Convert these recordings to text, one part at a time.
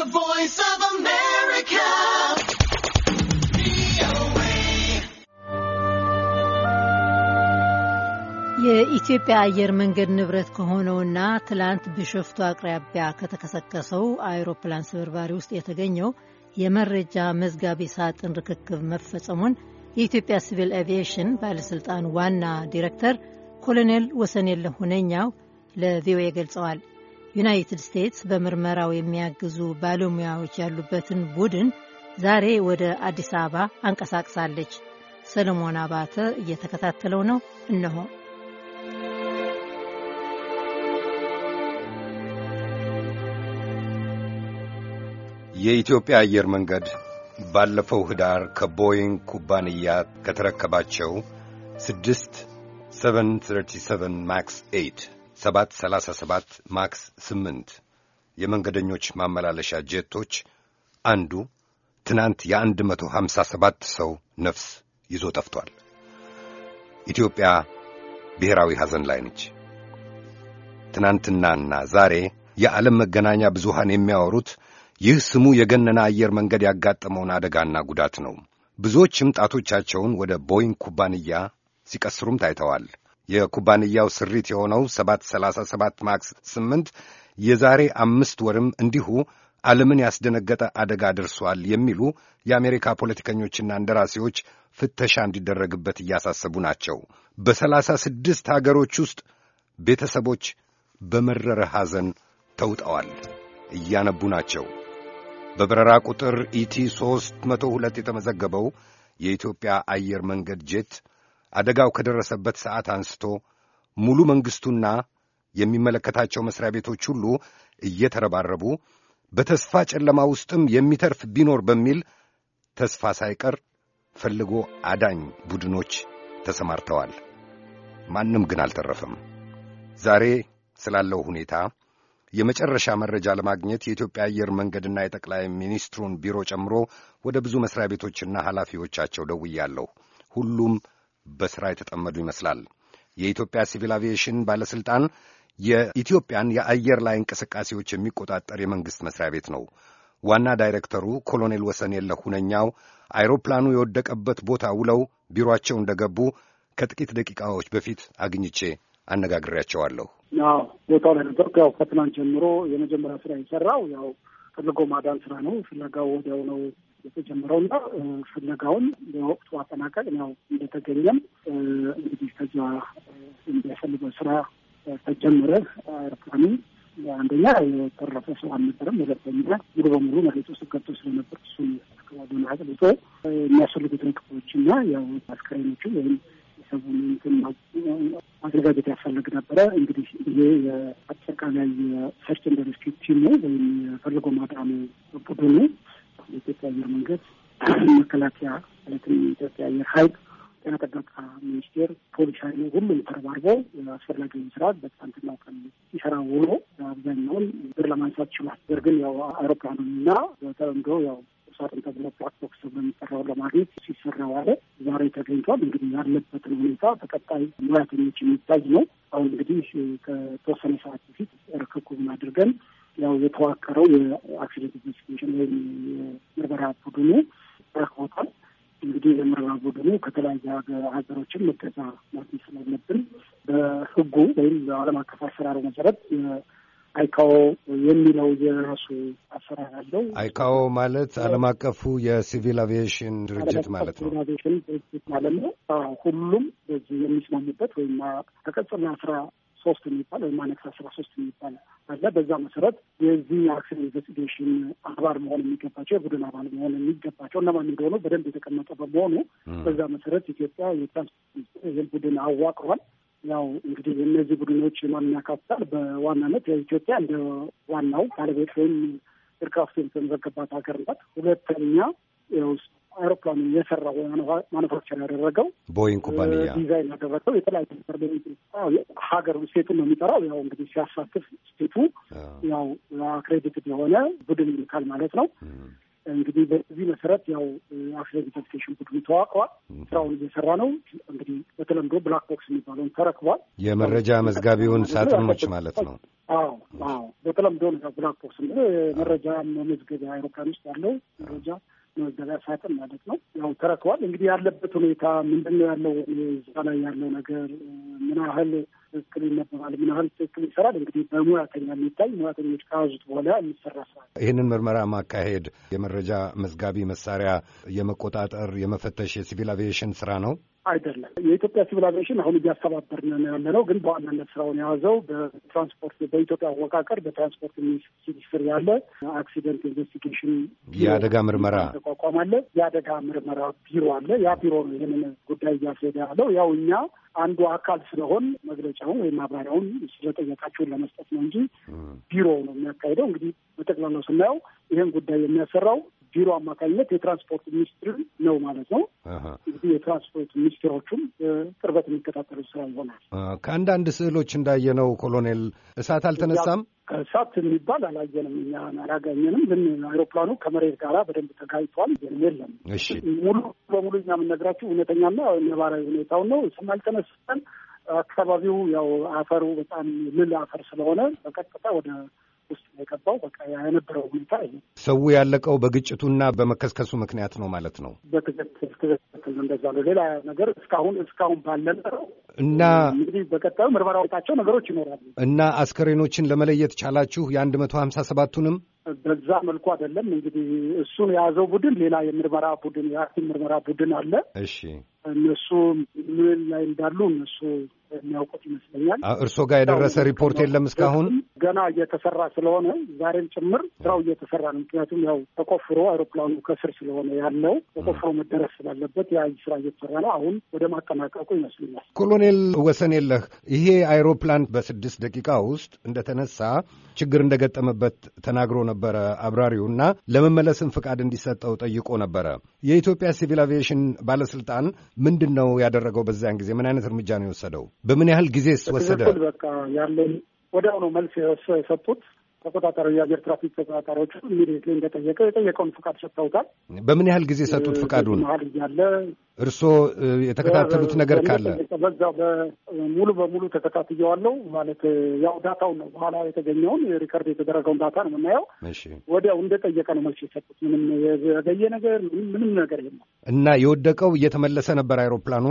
The Voice of America. የኢትዮጵያ አየር መንገድ ንብረት ከሆነውና ትላንት ቢሾፍቱ አቅራቢያ ከተከሰከሰው አውሮፕላን ስብርባሪ ውስጥ የተገኘው የመረጃ መዝጋቢ ሳጥን ርክክብ መፈጸሙን የኢትዮጵያ ሲቪል አቪዬሽን ባለሥልጣን ዋና ዲሬክተር ኮሎኔል ወሰኔለ ሁነኛው ለቪኦኤ ገልጸዋል። ዩናይትድ ስቴትስ በምርመራው የሚያግዙ ባለሙያዎች ያሉበትን ቡድን ዛሬ ወደ አዲስ አበባ አንቀሳቅሳለች። ሰለሞን አባተ እየተከታተለው ነው። እነሆ የኢትዮጵያ አየር መንገድ ባለፈው ኅዳር ከቦይንግ ኩባንያ ከተረከባቸው ስድስት 737 ማክስ 8 737 ማክስ 8 የመንገደኞች ማመላለሻ ጄቶች አንዱ ትናንት የ157 ሰው ነፍስ ይዞ ጠፍቷል። ኢትዮጵያ ብሔራዊ ሐዘን ላይ ነች። ትናንትናና ዛሬ የዓለም መገናኛ ብዙሃን የሚያወሩት ይህ ስሙ የገነነ አየር መንገድ ያጋጠመውን አደጋና ጉዳት ነው። ብዙዎችም ጣቶቻቸውን ወደ ቦይንግ ኩባንያ ሲቀስሩም ታይተዋል። የኩባንያው ስሪት የሆነው 737 ማክስ 8 የዛሬ አምስት ወርም እንዲሁ ዓለምን ያስደነገጠ አደጋ ደርሷል የሚሉ የአሜሪካ ፖለቲከኞችና እንደራሴዎች ፍተሻ እንዲደረግበት እያሳሰቡ ናቸው። በሰላሳ ስድስት ሀገሮች ውስጥ ቤተሰቦች በመረረ ሐዘን ተውጠዋል። እያነቡ ናቸው። በበረራ ቁጥር ኢቲ 302 የተመዘገበው የኢትዮጵያ አየር መንገድ ጄት አደጋው ከደረሰበት ሰዓት አንስቶ ሙሉ መንግሥቱና የሚመለከታቸው መሥሪያ ቤቶች ሁሉ እየተረባረቡ በተስፋ ጨለማ ውስጥም የሚተርፍ ቢኖር በሚል ተስፋ ሳይቀር ፈልጎ አዳኝ ቡድኖች ተሰማርተዋል። ማንም ግን አልተረፈም። ዛሬ ስላለው ሁኔታ የመጨረሻ መረጃ ለማግኘት የኢትዮጵያ አየር መንገድና የጠቅላይ ሚኒስትሩን ቢሮ ጨምሮ ወደ ብዙ መሥሪያ ቤቶችና ኃላፊዎቻቸው ደውያለሁ። ሁሉም በሥራ የተጠመዱ ይመስላል። የኢትዮጵያ ሲቪል አቪዬሽን ባለሥልጣን የኢትዮጵያን የአየር ላይ እንቅስቃሴዎች የሚቆጣጠር የመንግሥት መሥሪያ ቤት ነው። ዋና ዳይሬክተሩ ኮሎኔል ወሰን የለህ ሁነኛው አይሮፕላኑ የወደቀበት ቦታ ውለው ቢሮአቸው እንደገቡ ከጥቂት ደቂቃዎች በፊት አግኝቼ አነጋግሬያቸዋለሁ። ያው ቦታው ላይ ነበርኩ። ያው ከትናንት ጀምሮ የመጀመሪያ ስራ የሰራው ያው ፈልጎ ማዳን ስራ ነው። ፍለጋው ወዲያው ነው የተጀመረውና ፍለጋውን በወቅቱ አጠናቀቅ ያው እንደተገኘም እንግዲህ ከዚያ የሚያስፈልገው ስራ ተጀመረ። አይሮፕላኑ አንደኛ የተረፈ ሰው አልነበረም። ሁለተኛ ሙሉ በሙሉ መሬት ውስጥ ገብቶ ስለነበር እሱን አካባቢውን አጥልቶ የሚያስፈልጉትን ክፍሎችና ያው አስከሬኖቹ ወይም የሰቡን እንትን ማዘጋጀት ያስፈልግ ነበረ። እንግዲህ ይሄ የአጠቃላይ ሰርች ኤንድ ሬስኪው ቲም ነው ወይም የፈልጎ ማዳኑ ቡድኑ የኢትዮጵያ አየር መንገድ፣ መከላከያ ማለትም የኢትዮጵያ አየር ኃይል፣ ጤና ጥበቃ ሚኒስቴር፣ ፖሊስ ኃይሉ ሁሉም ተረባርበው አስፈላጊውን ስራ በትናንትናው ቀን ሲሰራ ውሎ አብዛኛውን ብር ለማንሳት ችሏል። ነገር ግን ያው አውሮፕላኑ አውሮፕላኑና በተለምዶ ያው ሳጥን ተብሎ ፕላትቦክስ በሚጠራው ለማግኘት ሲሰራ ዋለ። ዛሬ ተገኝቷል። እንግዲህ ያለበትን ሁኔታ ተቀጣይ ሙያተኞች የሚታይ ነው። አሁን እንግዲህ ከተወሰነ ሰዓት በፊት ርክኩብን አድርገን ያው የተዋቀረው የአክሲደንት ኢንቨስቲጌሽን ወይም የምርመራ ቡድኑ ረክቦታል። እንግዲህ የምርመራ ቡድኑ ከተለያየ ሀገሮችን መገዛ ማግኘት ስላለብን በህጉ ወይም በዓለም አቀፍ አሰራሩ መሰረት አይካኦ የሚለው የራሱ አሰራር አለው። አይካኦ ማለት ዓለም አቀፉ የሲቪል አቪዬሽን ድርጅት ማለት ነው። ሲቪል አቪዬሽን ድርጅት ማለት ነው። ሁሉም በዚህ የሚስማሙበት ወይም ተቀጽና ስራ ሶስት የሚባል ወይም አነክስ አስራ ሶስት የሚባል አለ። በዛ መሰረት የዚህ የአክሲን ኢንቨስቲጌሽን አባል መሆን የሚገባቸው የቡድን አባል መሆን የሚገባቸው እነማን እንደሆኑ በደንብ የተቀመጠ በመሆኑ በዛ መሰረት ኢትዮጵያ የትራንስፖርት ቡድን አዋቅሯል። ያው እንግዲህ እነዚህ ቡድኖች ማንን ያካትታል? በዋናነት ኢትዮጵያ እንደ ዋናው ባለቤት ወይም ኤርክራፍት የተመዘገባት ሀገር ናት። ሁለተኛ አውሮፕላኑ የሰራው ማኑፋክቸር ያደረገው ቦይንግ ኩባንያ ዲዛይን ያደረገው የተለያዩ ሀገር ስቴቱን ነው የሚጠራው። ያው እንግዲህ ሲያሳትፍ ስቴቱ ያው አክሬዲትድ የሆነ ቡድን ይልካል ማለት ነው። እንግዲህ በዚህ መሰረት ያው አክሬዲቴሽን ቡድኑ ተዋቅሯል። ስራውን እየሰራ ነው። እንግዲህ በተለምዶ ብላክ ቦክስ የሚባለውን ተረክቧል። የመረጃ መዝጋቢውን ሳጥኖች ማለት ነው። አዎ አዎ፣ በተለምዶ ብላክ ቦክስ መረጃ መመዝገቢያ አይሮፕላን ውስጥ ያለው መረጃ መዘጋ ሳጥን ማለት ነው። ያው ተረክቧል። እንግዲህ ያለበት ሁኔታ ምንድን ነው ያለው እዛ ላይ ያለው ነገር ምን ያህል ትክክል ይነበባል፣ ምን ያህል ትክክል ይሰራል፣ እንግዲህ በሙያተኛ የሚታይ ሙያተኞች ከያዙት በኋላ የሚሰራ ስራ። ይህንን ምርመራ ማካሄድ የመረጃ መዝጋቢ መሳሪያ የመቆጣጠር የመፈተሽ የሲቪል አቪዬሽን ስራ ነው። አይደለም። የኢትዮጵያ ሲቪል አቪዬሽን አሁን እያስተባበርን ነው ያለነው፣ ግን በዋናነት ስራውን የያዘው በትራንስፖርት በኢትዮጵያ አወቃቀር በትራንስፖርት ሚኒስቴር ያለ አክሲደንት ኢንቨስቲጌሽን የአደጋ ምርመራ ተቋቋም አለ፣ የአደጋ ምርመራ ቢሮ አለ። ያ ቢሮ ነው ይህንን ጉዳይ እያስሄደ ያለው። ያው እኛ አንዱ አካል ስለሆን መግለጫውን ወይም ማብራሪያውን ስለጠየቃችሁን ለመስጠት ነው እንጂ ቢሮ ነው የሚያካሂደው። እንግዲህ በጠቅላላው ስናየው ይህን ጉዳይ የሚያሰራው ቢሮ አማካኝነት የትራንስፖርት ሚኒስትር ነው ማለት ነው። እንግዲህ የትራንስፖርት ሚኒስትሮቹም ቅርበት የሚከታተሉ ስራ ይሆናል። ከአንዳንድ ስዕሎች እንዳየነው ኮሎኔል እሳት አልተነሳም። ከእሳት የሚባል አላየንም፣ እኛ አላገኘንም። ግን አይሮፕላኑ ከመሬት ጋራ በደንብ ተጋይቷል። የለም ሙሉ በሙሉ እኛ የምንነግራችሁ እውነተኛና ነባራዊ ሁኔታውን ነው። እሱም አልተነሳም። አካባቢው ያው አፈሩ በጣም ልል አፈር ስለሆነ በቀጥታ ወደ ውስጥ ነው የገባው። በቃ የነበረው ሁኔታ ሰው ያለቀው በግጭቱና በመከስከሱ ምክንያት ነው ማለት ነው። በትክክል ትክክል፣ እንደዛ ነው። ሌላ ነገር እስካሁን እስካሁን ባለነበረው እና እንግዲህ በቀጣዩ ምርመራ ምርመራዎቻቸው ነገሮች ይኖራሉ እና አስከሬኖችን ለመለየት ቻላችሁ የአንድ መቶ ሀምሳ ሰባቱንም በዛ መልኩ አይደለም እንግዲህ እሱን የያዘው ቡድን ሌላ የምርመራ ቡድን የሀኪም ምርመራ ቡድን አለ። እሺ እነሱ ምን ላይ እንዳሉ እነሱ የሚያውቁት ይመስለኛል። እርስዎ ጋር የደረሰ ሪፖርት የለም እስካሁን? ገና እየተሰራ ስለሆነ ዛሬም ጭምር ስራው እየተሰራ ነው። ምክንያቱም ያው ተቆፍሮ አይሮፕላኑ ከስር ስለሆነ ያለው ተቆፍሮ መደረስ ስላለበት ያ ስራ እየተሰራ ነው። አሁን ወደ ማጠናቀቁ ይመስለኛል። ኮሎኔል ወሰን የለህ ይሄ አይሮፕላን በስድስት ደቂቃ ውስጥ እንደተነሳ ችግር እንደገጠመበት ተናግሮ ነበረ አብራሪው እና ለመመለስም ፍቃድ እንዲሰጠው ጠይቆ ነበረ። የኢትዮጵያ ሲቪል አቪዬሽን ባለስልጣን ምንድን ነው ያደረገው? በዚያን ጊዜ ምን አይነት እርምጃ ነው የወሰደው? በምን ያህል ጊዜ ወሰደ? በቃ ያለን ወዲያው ነው መልስ የሰጡት ተቆጣጣሪ የአየር ትራፊክ ተቆጣጣሪዎቹ ኢሚዲየትሊ እንደጠየቀ የጠየቀውን ፍቃድ ሰጥተውታል። በምን ያህል ጊዜ ሰጡት ፍቃዱን? መሀል እያለ እርስዎ የተከታተሉት ነገር ካለ? በዛ ሙሉ በሙሉ ተከታትየዋለሁ። ማለት ያው ዳታውን ነው በኋላ የተገኘውን ሪከርድ የተደረገውን ዳታ ነው የምናየው። ወዲያው እንደጠየቀ ነው መልስ የሰጡት። ምንም የዘገየ ነገር ምንም ነገር የለም። እና የወደቀው እየተመለሰ ነበር አይሮፕላኑ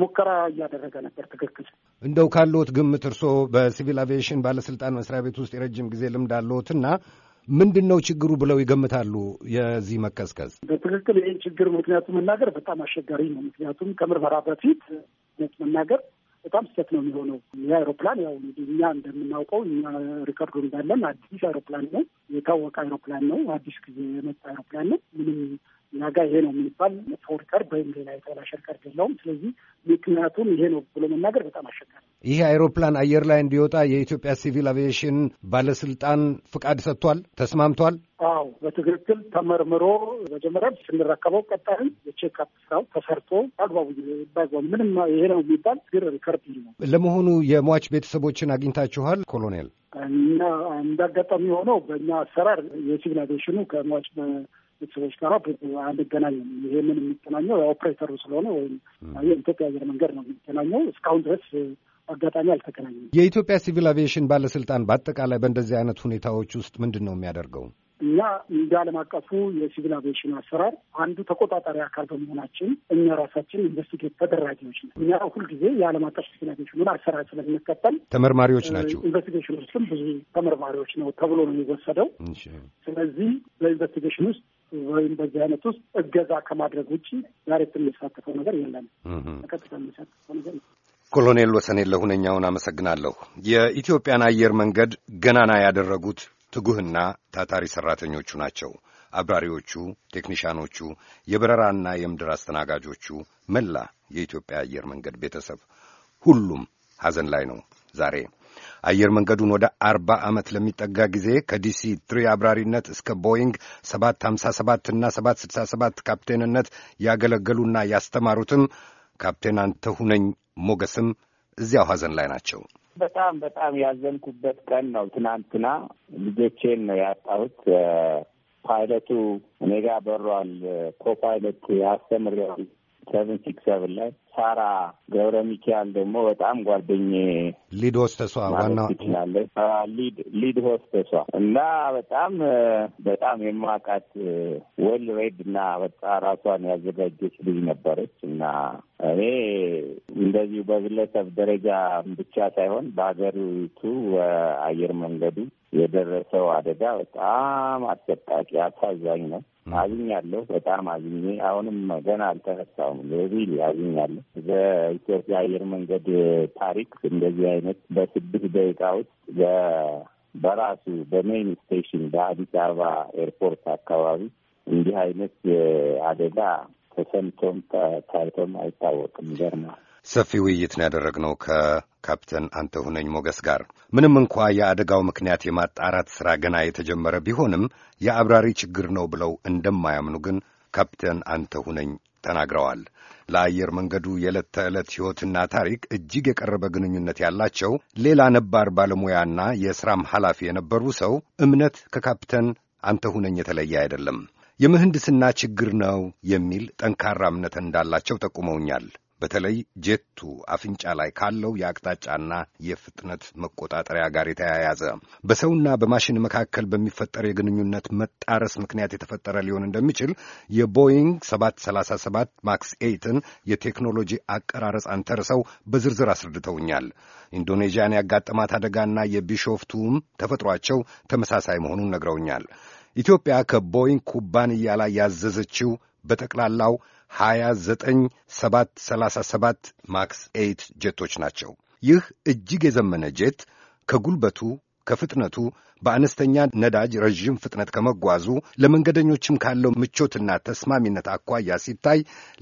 ሙከራ እያደረገ ነበር። ትክክል። እንደው ካለዎት ግምት እርስዎ በሲቪል አቪዬሽን ባለስልጣን መስሪያ ቤት ውስጥ የረጅም ጊዜ ልምድ አለዎትና ምንድን ነው ችግሩ ብለው ይገምታሉ? የዚህ መቀዝቀዝ በትክክል ይህን ችግር ምክንያቱ መናገር በጣም አስቸጋሪ ነው። ምክንያቱም ከምርመራ በፊት ነት መናገር በጣም ስህተት ነው የሚሆነው። ይህ ያው እንግዲህ እኛ እንደምናውቀው እኛ ሪከርዱ እንዳለን አዲስ አይሮፕላን ነው፣ የታወቀ አይሮፕላን ነው፣ አዲስ ጊዜ የመጣ አይሮፕላን ነው። ምንም እኛ ጋር ይሄ ነው የሚባል መጥፎ ሪከርድ ወይም ሌላ የተበላሸ ሪከርድ የለውም። ስለዚህ ምክንያቱም ይሄ ነው ብሎ መናገር በጣም አስቸጋሪ ይህ አይሮፕላን አየር ላይ እንዲወጣ የኢትዮጵያ ሲቪል አቪዬሽን ባለስልጣን ፍቃድ ሰጥቷል፣ ተስማምቷል። አዎ በትክክል ተመርምሮ መጀመሪያ ስንረከበው ቀጣይም የቼክ አፕ ስራው ተሰርቶ አግባቡ ባግባቡ ምንም ይሄ ነው የሚባል ግን ሪከርድ ነው። ለመሆኑ የሟች ቤተሰቦችን አግኝታችኋል ኮሎኔል? እና እንዳጋጣሚ የሆነው በእኛ አሰራር የሲቪል አቪዬሽኑ ከሟች ቤተሰቦች ጋር አንገናኝም። ይሄንን የሚገናኘው ኦፕሬተሩ ስለሆነ ወይም የኢትዮጵያ አየር መንገድ ነው የሚገናኘው እስካሁን ድረስ አጋጣሚ አልተገናኘም። የኢትዮጵያ ሲቪል አቪዬሽን ባለስልጣን በአጠቃላይ በእንደዚህ አይነት ሁኔታዎች ውስጥ ምንድን ነው የሚያደርገው? እኛ እንደ ዓለም አቀፉ የሲቪል አቪዬሽን አሰራር አንዱ ተቆጣጣሪ አካል በመሆናችን እኛ ራሳችን ኢንቨስቲጌት ተደራጊዎች ነው። እኛ ሁልጊዜ የዓለም አቀፍ ሲቪል አቪዬሽኑን አሰራር ስለምንከተል ተመርማሪዎች ናቸው። ኢንቨስቲጌሽን ውስጥም ብዙ ተመርማሪዎች ነው ተብሎ ነው የሚወሰደው። ስለዚህ በኢንቨስቲጌሽን ውስጥ ወይም በዚህ አይነት ውስጥ እገዛ ከማድረግ ውጭ ዳይሬክት የሚሳተፈው ነገር የለም። ቀጥታ የሚሳተፈው ነገር ኮሎኔል ወሰኔ ለሁነኛውን አመሰግናለሁ። የኢትዮጵያን አየር መንገድ ገናና ያደረጉት ትጉህና ታታሪ ሠራተኞቹ ናቸው። አብራሪዎቹ፣ ቴክኒሽያኖቹ የበረራና የምድር አስተናጋጆቹ፣ መላ የኢትዮጵያ አየር መንገድ ቤተሰብ ሁሉም ሐዘን ላይ ነው ዛሬ አየር መንገዱን ወደ አርባ ዓመት ለሚጠጋ ጊዜ ከዲሲ ትሪ አብራሪነት እስከ ቦይንግ ሰባት እና ሰባት ካፕቴንነት ያገለገሉና ያስተማሩትም ካፕቴን አንተ ሁነኝ ሞገስም እዚያው ሀዘን ላይ ናቸው። በጣም በጣም ያዘንኩበት ቀን ነው ትናንትና። ልጆቼን ነው ያጣሁት። ፓይለቱ እኔ በሯል። ኮፓይለት አስተምሬዋል ሰቨን ሲክስ ሰብን ላይ ሳራ ገብረ ሚካኤል ደግሞ በጣም ጓደኝ ሊድ ሆስተሷ ዋና ትችላለች ሊድ ሆስተሷ እና በጣም በጣም የማውቃት ወል ሬድ እና በጣም ራሷን ያዘጋጀች ልጅ ነበረች እና እኔ እንደዚሁ በግለሰብ ደረጃ ብቻ ሳይሆን በሀገሪቱ አየር መንገዱ የደረሰው አደጋ በጣም አሰቃቂ አሳዛኝ ነው። አዝኛለሁ። በጣም አዝኜ አሁንም ገና አልተነሳሁም። ሪል አዝኛለሁ። በኢትዮጵያ አየር መንገድ ታሪክ እንደዚህ አይነት በስድስት ደቂቃ ውስጥ በራሱ በሜይን ስቴሽን በአዲስ አበባ ኤርፖርት አካባቢ እንዲህ አይነት አደጋ ተሰምቶም ታይቶም አይታወቅም። ይገርማል። ሰፊ ውይይት ነው ያደረግነው ከካፕተን አንተ ሁነኝ ሞገስ ጋር። ምንም እንኳ የአደጋው ምክንያት የማጣራት ሥራ ገና የተጀመረ ቢሆንም የአብራሪ ችግር ነው ብለው እንደማያምኑ ግን ካፕተን አንተ ሁነኝ ተናግረዋል። ለአየር መንገዱ የዕለት ተዕለት ሕይወትና ታሪክ እጅግ የቀረበ ግንኙነት ያላቸው ሌላ ነባር ባለሙያና የሥራም ኃላፊ የነበሩ ሰው እምነት ከካፕተን አንተ ሁነኝ የተለየ አይደለም። የምህንድስና ችግር ነው የሚል ጠንካራ እምነት እንዳላቸው ጠቁመውኛል። በተለይ ጄቱ አፍንጫ ላይ ካለው የአቅጣጫና የፍጥነት መቆጣጠሪያ ጋር የተያያዘ በሰውና በማሽን መካከል በሚፈጠር የግንኙነት መጣረስ ምክንያት የተፈጠረ ሊሆን እንደሚችል የቦይንግ 737 ማክስ ኤይትን የቴክኖሎጂ አቀራረጽ አንተርሰው በዝርዝር አስረድተውኛል። ኢንዶኔዥያን ያጋጠማት አደጋና የቢሾፍቱም ተፈጥሯቸው ተመሳሳይ መሆኑን ነግረውኛል። ኢትዮጵያ ከቦይንግ ኩባንያ ላይ ያዘዘችው በጠቅላላው 29737 ማክስ 8 ጀቶች ናቸው። ይህ እጅግ የዘመነ ጄት ከጉልበቱ ከፍጥነቱ በአነስተኛ ነዳጅ ረዥም ፍጥነት ከመጓዙ ለመንገደኞችም ካለው ምቾትና ተስማሚነት አኳያ ሲታይ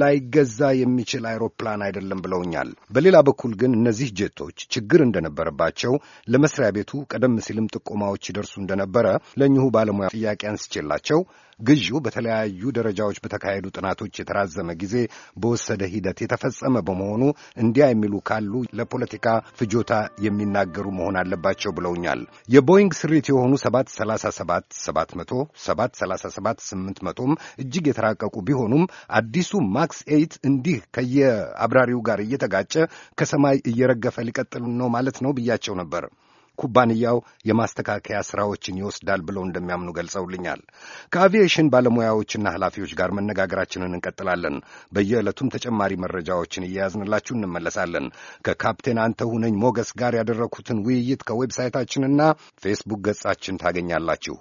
ላይገዛ የሚችል አይሮፕላን አይደለም ብለውኛል። በሌላ በኩል ግን እነዚህ ጀቶች ችግር እንደነበረባቸው ለመስሪያ ቤቱ ቀደም ሲልም ጥቆማዎች ይደርሱ እንደነበረ ለእኚሁ ባለሙያ ጥያቄ አንስቼላቸው ግዢው በተለያዩ ደረጃዎች በተካሄዱ ጥናቶች የተራዘመ ጊዜ በወሰደ ሂደት የተፈጸመ በመሆኑ እንዲያ የሚሉ ካሉ ለፖለቲካ ፍጆታ የሚናገሩ መሆን አለባቸው ብለውኛል። የቦይንግ ስሪት ጥቂት የሆኑ 737 700 737 800ም እጅግ የተራቀቁ ቢሆኑም አዲሱ ማክስ ኤይት እንዲህ ከየአብራሪው ጋር እየተጋጨ ከሰማይ እየረገፈ ሊቀጥል ነው ማለት ነው ብያቸው ነበር። ኩባንያው የማስተካከያ ስራዎችን ይወስዳል ብለው እንደሚያምኑ ገልጸውልኛል። ከአቪዬሽን ባለሙያዎችና ኃላፊዎች ጋር መነጋገራችንን እንቀጥላለን። በየዕለቱም ተጨማሪ መረጃዎችን እየያዝንላችሁ እንመለሳለን። ከካፕቴን አንተ ሁነኝ ሞገስ ጋር ያደረግኩትን ውይይት ከዌብሳይታችንና ፌስቡክ ገጻችን ታገኛላችሁ።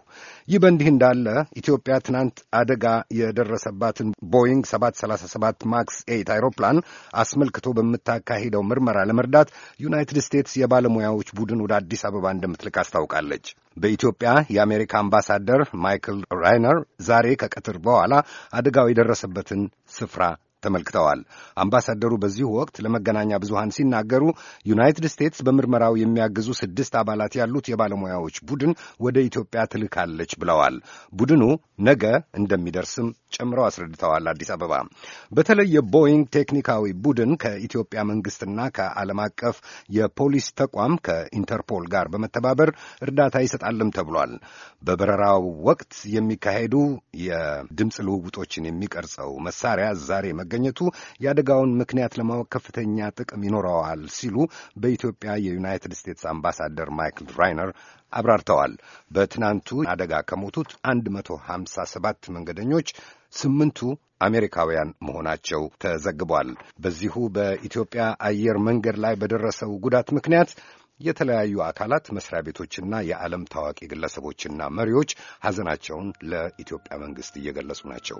ይህ በእንዲህ እንዳለ ኢትዮጵያ ትናንት አደጋ የደረሰባትን ቦይንግ 737 ማክስ ኤይት አይሮፕላን አስመልክቶ በምታካሂደው ምርመራ ለመርዳት ዩናይትድ ስቴትስ የባለሙያዎች ቡድን ወደ አዲስ አዲስ አበባ እንደምትልክ አስታውቃለች። በኢትዮጵያ የአሜሪካ አምባሳደር ማይክል ራይነር ዛሬ ከቀትር በኋላ አደጋው የደረሰበትን ስፍራ ተመልክተዋል። አምባሳደሩ በዚሁ ወቅት ለመገናኛ ብዙሃን ሲናገሩ ዩናይትድ ስቴትስ በምርመራው የሚያግዙ ስድስት አባላት ያሉት የባለሙያዎች ቡድን ወደ ኢትዮጵያ ትልካለች ብለዋል። ቡድኑ ነገ እንደሚደርስም ጨምረው አስረድተዋል። አዲስ አበባ በተለይ የቦይንግ ቴክኒካዊ ቡድን ከኢትዮጵያ መንግስትና ከዓለም አቀፍ የፖሊስ ተቋም ከኢንተርፖል ጋር በመተባበር እርዳታ ይሰጣልም ተብሏል። በበረራው ወቅት የሚካሄዱ የድምፅ ልውውጦችን የሚቀርጸው መሳሪያ ዛሬ መገ መገኘቱ የአደጋውን ምክንያት ለማወቅ ከፍተኛ ጥቅም ይኖረዋል ሲሉ በኢትዮጵያ የዩናይትድ ስቴትስ አምባሳደር ማይክል ራይነር አብራርተዋል። በትናንቱ አደጋ ከሞቱት 157 መንገደኞች ስምንቱ አሜሪካውያን መሆናቸው ተዘግቧል። በዚሁ በኢትዮጵያ አየር መንገድ ላይ በደረሰው ጉዳት ምክንያት የተለያዩ አካላት መስሪያ ቤቶችና የዓለም ታዋቂ ግለሰቦችና መሪዎች ሐዘናቸውን ለኢትዮጵያ መንግሥት እየገለጹ ናቸው።